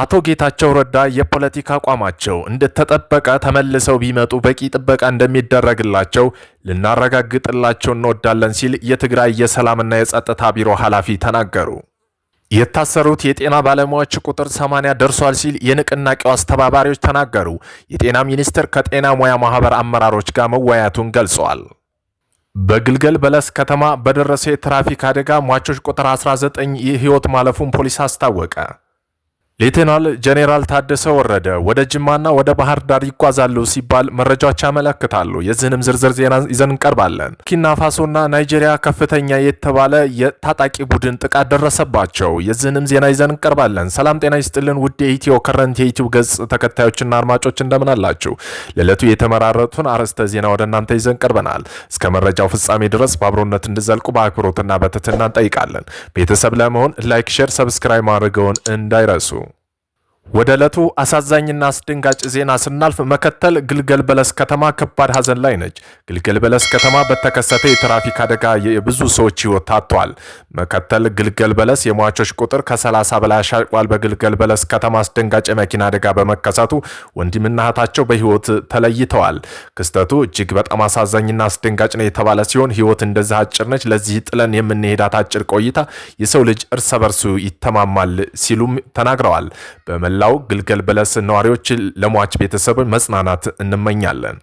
አቶ ጌታቸው ረዳ የፖለቲካ አቋማቸው እንደተጠበቀ ተመልሰው ቢመጡ በቂ ጥበቃ እንደሚደረግላቸው ልናረጋግጥላቸው እንወዳለን ሲል የትግራይ የሰላምና የጸጥታ ቢሮ ኃላፊ ተናገሩ። የታሰሩት የጤና ባለሙያዎች ቁጥር 80 ደርሷል ሲል የንቅናቄው አስተባባሪዎች ተናገሩ። የጤና ሚኒስቴር ከጤና ሙያ ማህበር አመራሮች ጋር መወያየቱን ገልጸዋል። በግልገል በለስ ከተማ በደረሰ የትራፊክ አደጋ ሟቾች ቁጥር 19 የህይወት ማለፉን ፖሊስ አስታወቀ። ሌቴናል ጄኔራል ታደሰ ወረደ ወደ ጅማና ወደ ባህር ዳር ይጓዛሉ ሲባል መረጃዎች ያመለክታሉ። የዚህንም ዝርዝር ዜና ይዘን እንቀርባለን። ቡርኪና ፋሶና ናይጄሪያ ከፍተኛ የተባለ የታጣቂ ቡድን ጥቃት ደረሰባቸው። የዚህንም ዜና ይዘን እንቀርባለን። ሰላም ጤና ይስጥልን ውድ የኢትዮ ከረንት የዩቲዩብ ገጽ ተከታዮችና አድማጮች እንደምን አላችሁ? ለዕለቱ የተመራረጡን አርዕስተ ዜና ወደ እናንተ ይዘን ቀርበናል። እስከ መረጃው ፍጻሜ ድረስ በአብሮነት እንዲዘልቁ በአክብሮትና በትህትና እንጠይቃለን። ቤተሰብ ለመሆን ላይክ፣ ሼር፣ ሰብስክራይብ ማድረገውን እንዳይረሱ ወደ ዕለቱ አሳዛኝና አስደንጋጭ ዜና ስናልፍ መከተል ግልገል በለስ ከተማ ከባድ ሐዘን ላይ ነች። ግልገል በለስ ከተማ በተከሰተ የትራፊክ አደጋ የብዙ ሰዎች ሕይወት ታጥቷል። መከተል ግልገል በለስ የሟቾች ቁጥር ከ30 በላይ አሻቋል። በግልገል በለስ ከተማ አስደንጋጭ የመኪና አደጋ በመከሰቱ ወንድምና እህታቸው በሕይወት ተለይተዋል። ክስተቱ እጅግ በጣም አሳዛኝና አስደንጋጭ ነው የተባለ ሲሆን ሕይወት እንደዚህ አጭር ነች፣ ለዚህ ጥለን የምንሄዳት አጭር ቆይታ የሰው ልጅ እርስ በርሱ ይተማማል ሲሉም ተናግረዋል። ለመላው ግልገል በለስ ነዋሪዎች፣ ለሟች ቤተሰብ መጽናናት እንመኛለን።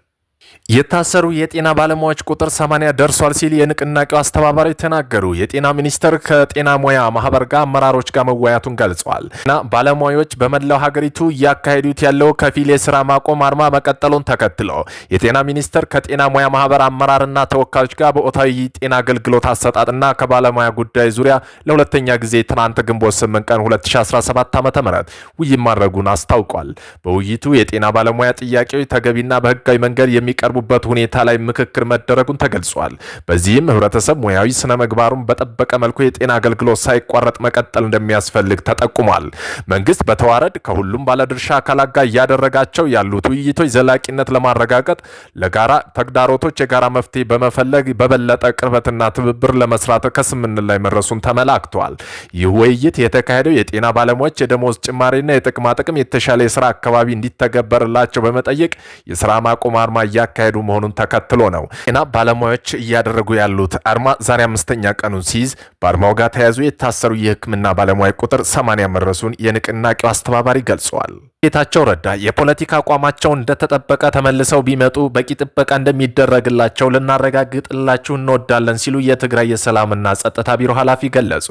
የታሰሩ የጤና ባለሙያዎች ቁጥር 80 ደርሷል ሲል የንቅናቄው አስተባባሪ ተናገሩ። የጤና ሚኒስቴር ከጤና ሙያ ማህበር ጋር አመራሮች ጋር መወያቱን ገልጿል። እና ባለሙያዎች በመላው ሀገሪቱ እያካሄዱት ያለው ከፊል የስራ ማቆም አድማ መቀጠሉን ተከትሎ የጤና ሚኒስቴር ከጤና ሙያ ማህበር አመራርና ተወካዮች ጋር በኦታዊ ጤና አገልግሎት አሰጣጥና ከባለሙያ ጉዳይ ዙሪያ ለሁለተኛ ጊዜ ትናንት ግንቦት 8 ቀን 2017 ዓ ም ውይይት ማድረጉን አስታውቋል። በውይይቱ የጤና ባለሙያ ጥያቄዎች ተገቢና በህጋዊ መንገድ የሚ በሚቀርቡበት ሁኔታ ላይ ምክክር መደረጉን ተገልጿል። በዚህም ህብረተሰብ ሙያዊ ስነ ምግባሩን በጠበቀ መልኩ የጤና አገልግሎት ሳይቋረጥ መቀጠል እንደሚያስፈልግ ተጠቁሟል። መንግስት በተዋረድ ከሁሉም ባለድርሻ አካላት ጋር እያደረጋቸው ያሉት ውይይቶች ዘላቂነት ለማረጋገጥ ለጋራ ተግዳሮቶች የጋራ መፍትሄ በመፈለግ በበለጠ ቅርበትና ትብብር ለመስራት ከስምምነት ላይ መድረሱን ተመላክቷል። ይህ ውይይት የተካሄደው የጤና ባለሙያዎች የደሞዝ ጭማሪና የጥቅማጥቅም የተሻለ የስራ አካባቢ እንዲተገበርላቸው በመጠየቅ የስራ ማቆም አርማ ። እያካሄዱ መሆኑን ተከትሎ ነው። ጤና ባለሙያዎች እያደረጉ ያሉት አድማ ዛሬ አምስተኛ ቀኑን ሲይዝ በአድማው ጋር ተያይዞ የታሰሩ የሕክምና ባለሙያ ቁጥር ሰማንያ መድረሱን የንቅናቄው አስተባባሪ ገልጸዋል። ጌታቸው ረዳ የፖለቲካ አቋማቸው እንደተጠበቀ ተመልሰው ቢመጡ በቂ ጥበቃ እንደሚደረግላቸው ልናረጋግጥላችሁ እንወዳለን ሲሉ የትግራይ የሰላምና ጸጥታ ቢሮ ኃላፊ ገለጹ።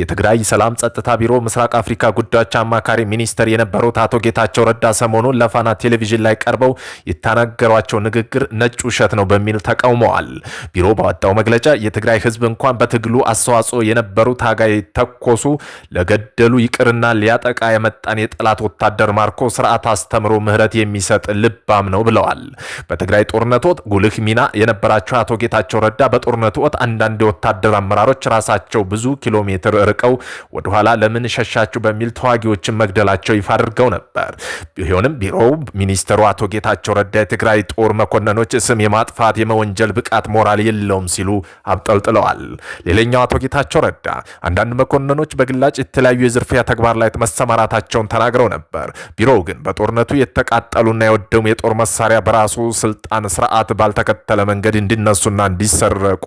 የትግራይ ሰላም ጸጥታ ቢሮ ምስራቅ አፍሪካ ጉዳዮች አማካሪ ሚኒስትር የነበሩት አቶ ጌታቸው ረዳ ሰሞኑን ለፋና ቴሌቪዥን ላይ ቀርበው የተናገሯቸው ንግግር ነጭ ውሸት ነው በሚል ተቃውመዋል። ቢሮ ባወጣው መግለጫ የትግራይ ህዝብ እንኳን በትግሉ አስተዋጽኦ የነበሩ ታጋይ ተኮሱ ለገደሉ ይቅርና ሊያጠቃ የመጣን የጠላት ወታደር ማርኮ ስርዓት አስተምሮ ምህረት የሚሰጥ ልባም ነው ብለዋል። በትግራይ ጦርነት ወቅት ጉልህ ሚና የነበራቸው አቶ ጌታቸው ረዳ በጦርነቱ ወቅት አንዳንድ የወታደር አመራሮች ራሳቸው ብዙ ኪሎ ሜትር ርቀው ወደኋላ ለምን ሸሻችሁ በሚል ተዋጊዎችን መግደላቸው ይፋ አድርገው ነበር። ቢሆንም ቢሮው ሚኒስትሩ አቶ ጌታቸው ረዳ የትግራይ ጦር የጦር መኮንኖች ስም የማጥፋት የመወንጀል ብቃት ሞራል የለውም ሲሉ አብጠልጥለዋል። ሌላኛው አቶ ጌታቸው ረዳ አንዳንድ መኮንኖች በግላጭ የተለያዩ የዝርፊያ ተግባር ላይ መሰማራታቸውን ተናግረው ነበር። ቢሮው ግን በጦርነቱ የተቃጠሉና የወደሙ የጦር መሳሪያ በራሱ ስልጣን ስርዓት ባልተከተለ መንገድ እንዲነሱና እንዲሰረቁ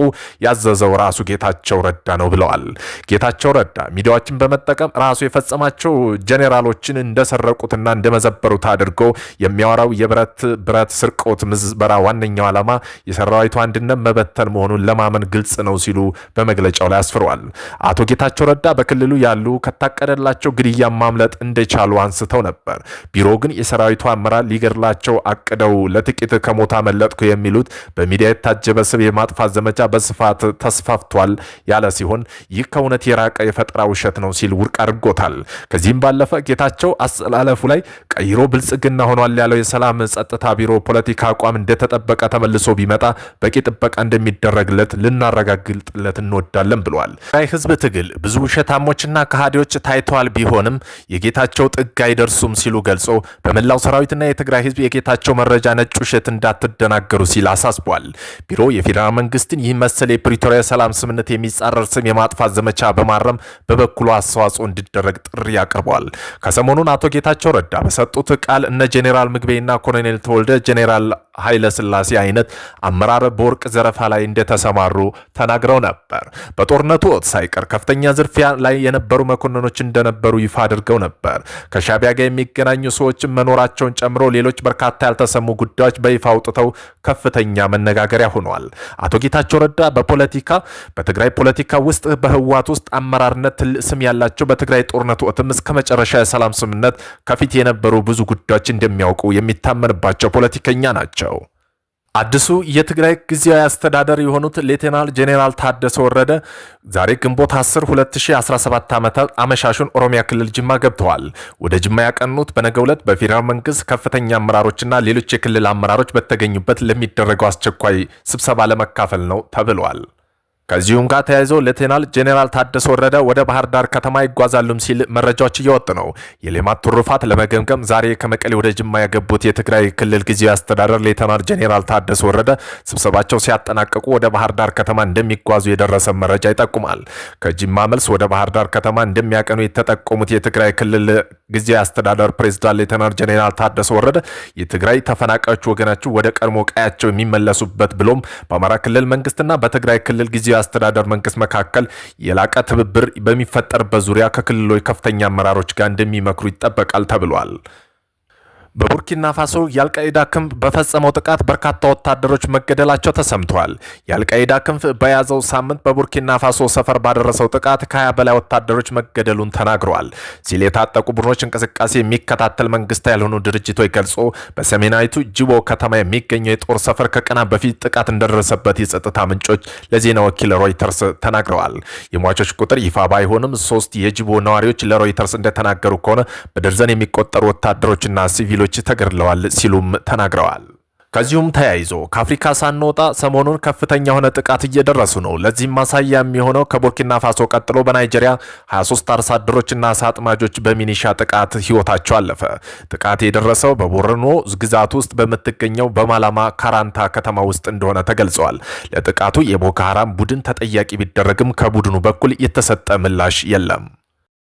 ያዘዘው ራሱ ጌታቸው ረዳ ነው ብለዋል። ጌታቸው ረዳ ሚዲያዎችን በመጠቀም ራሱ የፈጸማቸው ጄኔራሎችን እንደሰረቁትና እንደመዘበሩት አድርጎ የሚያወራው የብረት ብረት ስርቆት ምዝበራ ዋነኛው ዓላማ የሰራዊቱ አንድነት መበተን መሆኑን ለማመን ግልጽ ነው ሲሉ በመግለጫው ላይ አስፍረዋል። አቶ ጌታቸው ረዳ በክልሉ ያሉ ከታቀደላቸው ግድያ ማምለጥ እንደቻሉ አንስተው ነበር። ቢሮ ግን የሰራዊቱ አመራር ሊገድላቸው አቅደው ለጥቂት ከሞታ መለጥኩ የሚሉት በሚዲያ የታጀበ ስብ የማጥፋት ዘመቻ በስፋት ተስፋፍቷል ያለ ሲሆን ይህ ከእውነት የራቀ የፈጠራ ውሸት ነው ሲል ውድቅ አድርጎታል። ከዚህም ባለፈ ጌታቸው አስተላለፉ ላይ ቀይሮ ብልጽግና ሆኗል ያለው የሰላም ጸጥታ ቢሮ ፖለቲካ አቋም እንደተጠበቀ ተመልሶ ቢመጣ በቂ ጥበቃ እንደሚደረግለት ልናረጋግጥለት እንወዳለን ብለዋል። ራይ ህዝብ ትግል ብዙ ውሸታሞችና ከሃዲዎች ታይተዋል። ቢሆንም የጌታቸው ጥግ አይደርሱም ሲሉ ገልጾ በመላው ሰራዊትና የትግራይ ህዝብ የጌታቸው መረጃ ነጭ ውሸት እንዳትደናገሩ ሲል አሳስቧል። ቢሮ የፌዴራል መንግስትን ይህ መሰል የፕሪቶሪያ ሰላም ስምምነት የሚጻረር ስም የማጥፋት ዘመቻ በማረም በበኩሉ አስተዋጽኦ እንዲደረግ ጥሪ አቅርቧል። ከሰሞኑን አቶ ጌታቸው ረዳ በሰጡት ቃል እነ ጄኔራል ምግቤና ኮሎኔል ተወልደ ጄኔራል ኃይለስላሴ አይነት አመራር በወርቅ ዘረፋ ላይ እንደተሰማሩ ተናግረው ነበር። በጦርነቱ ወቅት ሳይቀር ከፍተኛ ዝርፊያ ላይ የነበሩ መኮንኖች እንደነበሩ ይፋ አድርገው ነበር። ከሻቢያ ጋር የሚገናኙ ሰዎች መኖራቸውን ጨምሮ ሌሎች በርካታ ያልተሰሙ ጉዳዮች በይፋ አውጥተው ከፍተኛ መነጋገሪያ ሆኗል። አቶ ጌታቸው ረዳ በፖለቲካ በትግራይ ፖለቲካ ውስጥ በህዋት ውስጥ አመራርነት ትልቅ ስም ያላቸው በትግራይ ጦርነት ወቅትም እስከ መጨረሻ የሰላም ስምምነት ከፊት የነበሩ ብዙ ጉዳዮች እንደሚያውቁ የሚታመንባቸው ፖለቲከኛ ናቸው። ናቸው። አዲሱ የትግራይ ጊዜያዊ አስተዳደር የሆኑት ሌቴናል ጄኔራል ታደሰ ወረደ ዛሬ ግንቦት 10 2017 ዓመታት አመሻሹን ኦሮሚያ ክልል ጅማ ገብተዋል። ወደ ጅማ ያቀኑት በነገ ዕለት በፌዴራል መንግስት ከፍተኛ አመራሮችና ሌሎች የክልል አመራሮች በተገኙበት ለሚደረገው አስቸኳይ ስብሰባ ለመካፈል ነው ተብሏል። ከዚሁም ጋር ተያይዘው ሌተናል ጄኔራል ታደሰ ወረደ ወደ ባህር ዳር ከተማ ይጓዛሉም ሲል መረጃዎች እየወጡ ነው። የሌማት ትሩፋት ለመገምገም ዛሬ ከመቀሌ ወደ ጅማ የገቡት የትግራይ ክልል ጊዜያዊ አስተዳደር ሌተናል ጄኔራል ታደሰ ወረደ ስብሰባቸው ሲያጠናቀቁ ወደ ባህር ዳር ከተማ እንደሚጓዙ የደረሰ መረጃ ይጠቁማል። ከጅማ መልስ ወደ ባህር ዳር ከተማ እንደሚያቀኑ የተጠቆሙት የትግራይ ክልል ጊዜያዊ አስተዳደር ፕሬዚዳንት ሌተናል ጄኔራል ታደሰ ወረደ የትግራይ ተፈናቃዮች ወገናቸው ወደ ቀድሞ ቀያቸው የሚመለሱበት ብሎም በአማራ ክልል መንግስትና በትግራይ ክልል ጊዜ አስተዳደር መንግስት መካከል የላቀ ትብብር በሚፈጠርበት ዙሪያ ከክልሎች ከፍተኛ አመራሮች ጋር እንደሚመክሩ ይጠበቃል ተብሏል። በቡርኪና ፋሶ የአልቃኢዳ ክንፍ በፈጸመው ጥቃት በርካታ ወታደሮች መገደላቸው ተሰምተዋል። የአልቃኢዳ ክንፍ በያዘው ሳምንት በቡርኪና ፋሶ ሰፈር ባደረሰው ጥቃት ከ20 በላይ ወታደሮች መገደሉን ተናግረዋል ሲል የታጠቁ ቡድኖች እንቅስቃሴ የሚከታተል መንግስታዊ ያልሆኑ ድርጅቶች ገልጾ በሰሜናዊቱ ጅቦ ከተማ የሚገኘው የጦር ሰፈር ከቀናት በፊት ጥቃት እንደደረሰበት የጸጥታ ምንጮች ለዜና ወኪል ሮይተርስ ተናግረዋል። የሟቾች ቁጥር ይፋ ባይሆንም ሶስት የጅቦ ነዋሪዎች ለሮይተርስ እንደተናገሩ ከሆነ በደርዘን የሚቆጠሩ ወታደሮችና ሲቪሎች ታጣቂዎች ተገድለዋል ሲሉም ተናግረዋል። ከዚሁም ተያይዞ ከአፍሪካ ሳንወጣ ሰሞኑን ከፍተኛ የሆነ ጥቃት እየደረሱ ነው። ለዚህም ማሳያ የሚሆነው ከቡርኪና ፋሶ ቀጥሎ በናይጄሪያ 23 አርሶ አደሮችና አሳ አጥማጆች በሚኒሻ ጥቃት ህይወታቸው አለፈ። ጥቃት የደረሰው በቦርኖ ግዛት ውስጥ በምትገኘው በማላማ ካራንታ ከተማ ውስጥ እንደሆነ ተገልጸዋል። ለጥቃቱ የቦኮ ሐራም ቡድን ተጠያቂ ቢደረግም ከቡድኑ በኩል የተሰጠ ምላሽ የለም።